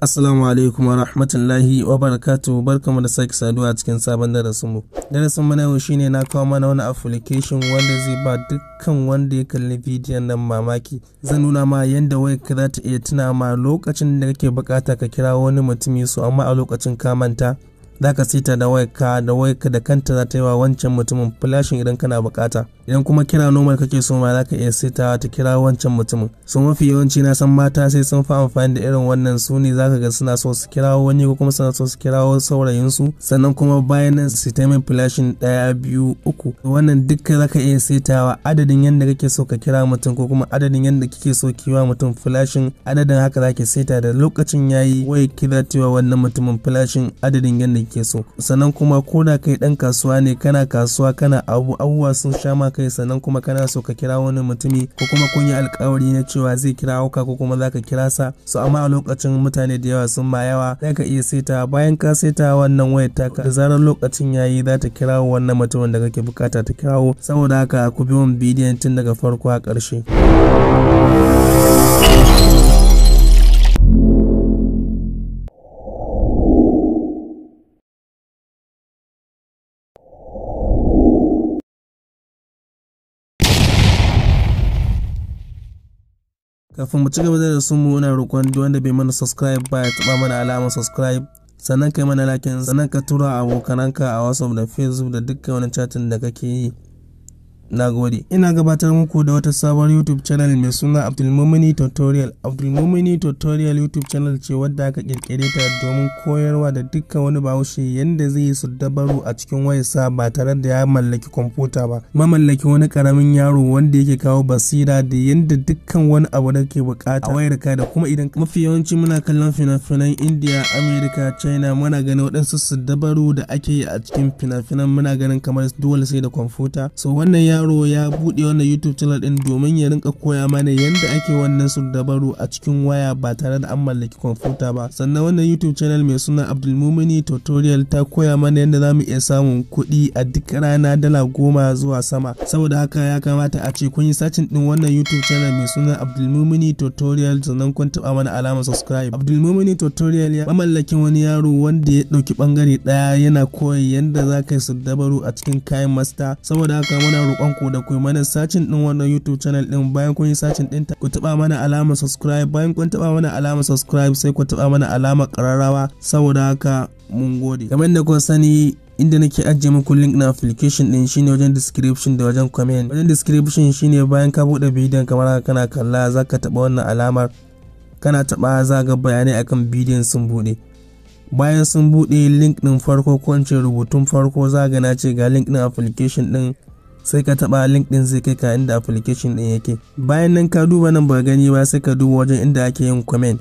Assalamu alaikum wa rahmatullahi wa barakatu barkamu da sake saduwa cikin sabon darasin mu Darasin na yau shine na kawo mana wani application wanda zai ba dukkan wanda ya kalli bidiyon nan mamaki. Zan nuna ma yanda wai ka za ta iya tuna ma lokacin da kake bukata ka kira wani mutumi su amma a lokacin ka manta. Za ka sita da wai ka da wai ka da kanta za ta yi wa wancan mutumin flashing idan kana bukata. idan kuma kira normal kake so ma zaka iya setawa ta kira wancan mutumin so mafi yawanci na san mata sai sun fi amfani da irin wannan su ne zaka ga suna so su kirawo wani ko kuma suna so su kirawo saurayin su sannan kuma bayan nan su taimin daya biyu uku wannan duka zaka iya saitawa adadin yadda kake so ka kira mutum ko kuma adadin yadda kake so kiwa mutum flashin adadin haka zaka seta da lokacin yayi wai kira cewa wannan mutumin flashin adadin yadda kake so sannan kuma koda kai dan kasuwa ne kana kasuwa kana abu abubuwa sun sha maka kai sannan kuma kana so ka kira wani mutumi ko kuma kun yi alkawari na cewa zai kira ka ko kuma za ka kira sa so amma a lokacin mutane da yawa sun ma yawa za ka iya saita bayan ka saita wannan wayar taka da zarar lokacin yayi za ta kirawo wannan mutumin da kake bukata ta kirawo saboda haka ku bi mun bidiyon tun daga farko a ƙarshe. kafin mu ci gaba da sun mu muna roƙon duk wanda bai mana subscribe ba ya taɓa mana alamar subscribe sannan kai mana lakin sannan ka tura abokananka a whatsapp da facebook da dukkan wani chatin da kake yi na gode ina gabatar muku da wata sabon youtube channel mai suna abdulmumini tutorial abdulmumini tutorial youtube channel ce wadda aka kirkire ta domin koyarwa da dukkan wani bahaushe yadda zai yi su dabaru a cikin wayarsa ba tare da ya mallaki kwamfuta ba mamallaki wani karamin yaro wanda yake kawo basira da yadda dukkan wani abu da ke bukata a ka da kuma idan mafi yawanci muna kallon fina-finan india america china muna ganin waɗansu su dabaru da ake yi a cikin fina-finan muna ganin kamar dole sai da kwamfuta so wannan ya yaro ya buɗe wannan YouTube channel ɗin domin ya rinka koya mana yadda ake wannan su dabaru a cikin waya ba tare da an mallaki kwamfuta ba. Sannan wannan YouTube channel mai suna Abdulmumini Tutorial ta koya mana yadda za mu iya samun kuɗi a duk rana dala goma zuwa sama. Saboda haka ya kamata a ce kun yi sacin ɗin wannan YouTube channel mai suna Abdulmumini Tutorial sannan kun taɓa mana alamar subscribe. Abdulmumini Tutorial ya mamallakin wani yaro wanda ya ɗauki ɓangare ɗaya yana koya yadda za ka yi su dabaru a cikin kayan masta. Saboda haka muna roƙon roƙonku da ku yi mana sacin din wannan YouTube channel din bayan kun yi sacin din ku taba mana alama subscribe bayan kun taba mana alama subscribe sai ku taba mana alama ƙararrawa saboda haka mun gode. Kamar da kuka sani inda nake ajiye muku link na application din shine wajen description da wajen comment wajen description shine bayan ka bude bidiyon kamar haka kana kalla zaka taba wannan alamar kana taba za ga bayanai akan bidiyon sun bude bayan sun bude link din farko ko in ce rubutun farko za ga na ce ga link din application din sai ka taɓa link din zai kai ka inda application ɗin yake bayan nan ka duba nan ba gani ba sai ka duba wajen inda ake yin comment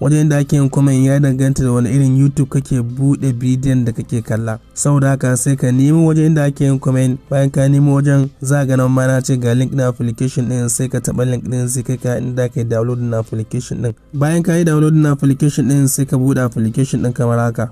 wajen da ake yin comment ya danganta da wani irin youtube kake bude bidiyon da kake kalla saboda haka sai ka nemi wajen inda ake yin comment bayan ka nemi wajen za ga nan mana ce ga link na application ɗin sai ka taɓa link din zai kai ka inda ka yi downloading application ɗin bayan ka yi downloading application ɗin sai ka buɗe application ɗin kamar haka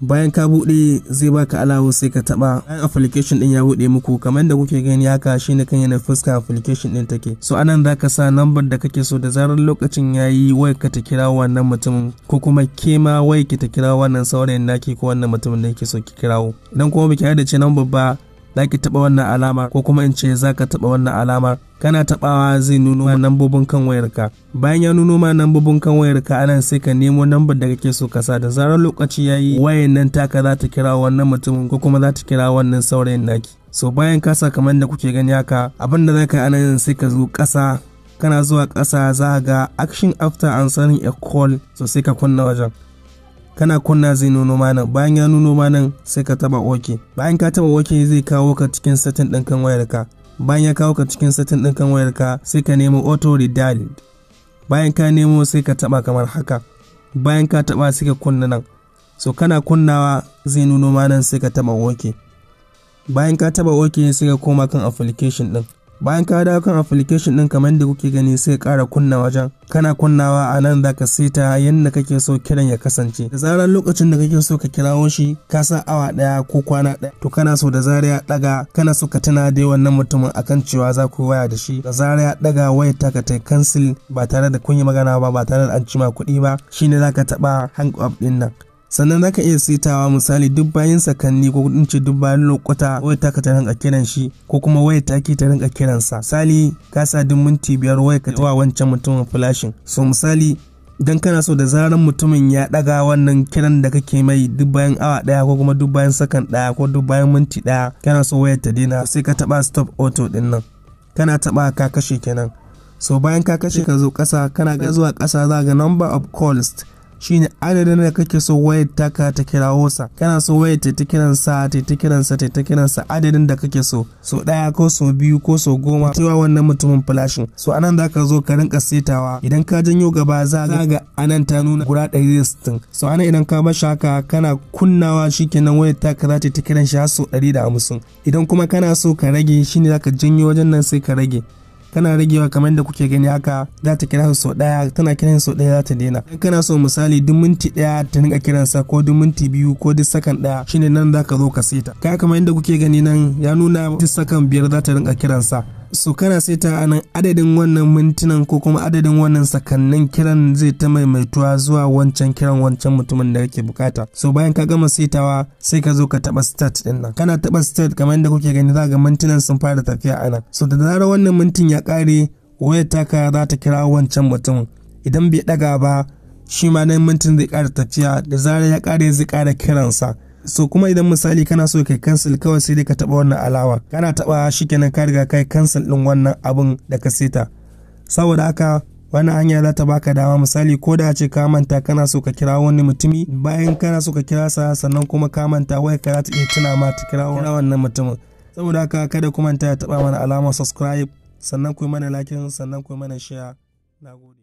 bayan ka buɗe zai baka alawo sai ka taɓa bayan application ɗin ya buɗe muku kamar yadda kuke gani haka shine kan yana fuska application ɗin take so anan za ka sa number da kake so da zarar lokacin ya yi wai ka ta kira wannan mutumin ko kuma ke ma wai ki ta kira wannan saurayin naki ko wannan mutumin da yake so ki kirawo idan kuma biki da ce number ba za ki taɓa wannan alama ko kuma in ce za ka taɓa wannan alamar kana tabawa zai nuno ma nambobin kan wayarka bayan ya nuno ma nambobin kan wayarka anan sai ka nemo nambar da kake so ka sa da zarar lokaci yayi wayan nan taka za ta kira wannan mutumin ko kuma za ta kira wannan saurayin naki so bayan ka sa kamar da kuke gani haka abin da zaka anan sai ka zo kasa kana zuwa kasa za ga action after answering a call so sai ka kunna wajen kana kunna zai nuno ma nan bayan ya nuno ma nan sai ka taba oke bayan ka taba oke zai kawo ka cikin setting ɗin kan wayarka bayan ya kawo ka cikin satin ɗin kan wayarka sai ka nemo auto redial bayan ka nemo sai ka taɓa kamar haka bayan ka taɓa sai ka kunna nan so kana kunnawa zai nuno ma nan sai ka taɓa oke bayan ka taɓa ok sai ka koma kan application ɗin bayan ka dawo kan application din kamar da kuke gani sai kara kunna wajen kana kunnawa a nan zaka saita yadda kake so kiran ya kasance da zarar lokacin da kake so ka kirawo shi ka sa awa daya ko kwana daya to kana so da zarar ya daga kana so ka tana da wannan mutumin akan cewa za ku waya da shi da zarar ya daga ta ka ta cancel ba tare da kun yi magana ba ba tare da an cima kuɗi ba shine zaka taba hang up din nan sannan zaka iya saitawa misali duk bayan sakanni ko in ce duk bayan lokuta wayar taka ta rinka kiran shi ko kuma wayar take ta rinka kiran sa misali ka sa duk minti biyar wayar ka tawa wancan mutumin flashing so misali dan kana so da zaran mutumin ya daga wannan kiran da kake mai duk bayan awa daya ko kuma duk bayan sakan daya ko duk bayan minti daya kana so wayar ta daina sai ka taba stop auto din nan kana taba ka kashe kenan so bayan ka kashe ka zo kasa kana ga zuwa kasa za ga number of calls shine adadin da kake so wayar taka ta kirawo sa kana so wayar ta kiran sa ta kiran sa ta kiran sa adadin da kake so so daya ko so biyu ko so goma cewa wannan mutumin flashin so anan zaka zo ka rinka setawa idan ka janyo gaba za ga anan ta nuna guda 160 so anan idan ka bashi haka kana kunnawa shikenan wayar taka za ta kiran shi har so 150 idan kuma kana so ka rage shine zaka janyo wajen nan sai ka rage kana ragewa kamar da kuke gani haka za ta kira sau daya tana kiran sau daya za ta daina in kana so misali duk minti daya ta rinka kiransa ko duk minti biyu ko duk sakan daya shine nan za ka zo ka seta kaya kamar yadda kuke gani nan ya nuna duk sakan biyar za ta rinka kiransa su kana saita a nan adadin wannan mintunan ko kuma adadin wannan sakannin kiran zai ta maimaituwa zuwa wancan kiran wancan mutumin da kake bukata so bayan ka gama saitawa sai ka zo ka taba start din nan kana taba start kamar yadda kuke gani za ga mintunan sun fara tafiya anan nan so da zarar wannan mintin ya kare wayar taka za ta kira wancan mutum idan bai daga ba shi ma nan mintin zai kara tafiya da zarar ya kare zai kara kiransa so kuma idan misali kana so kai cancel kawai sai dai ka taba wannan alawa kana taba shikenan ka riga kai cancel din wannan abun da ka seta saboda haka wani hanya za ta baka dama misali ko da ce ka manta kana so ka kira wani mutumi bayan kana so ka kira sa sannan kuma ka manta wai ka za ta iya tuna ma ta kira wannan mutumin saboda haka kada ku manta ya taba mana alama subscribe sannan ku mana like sannan ku mana share nagode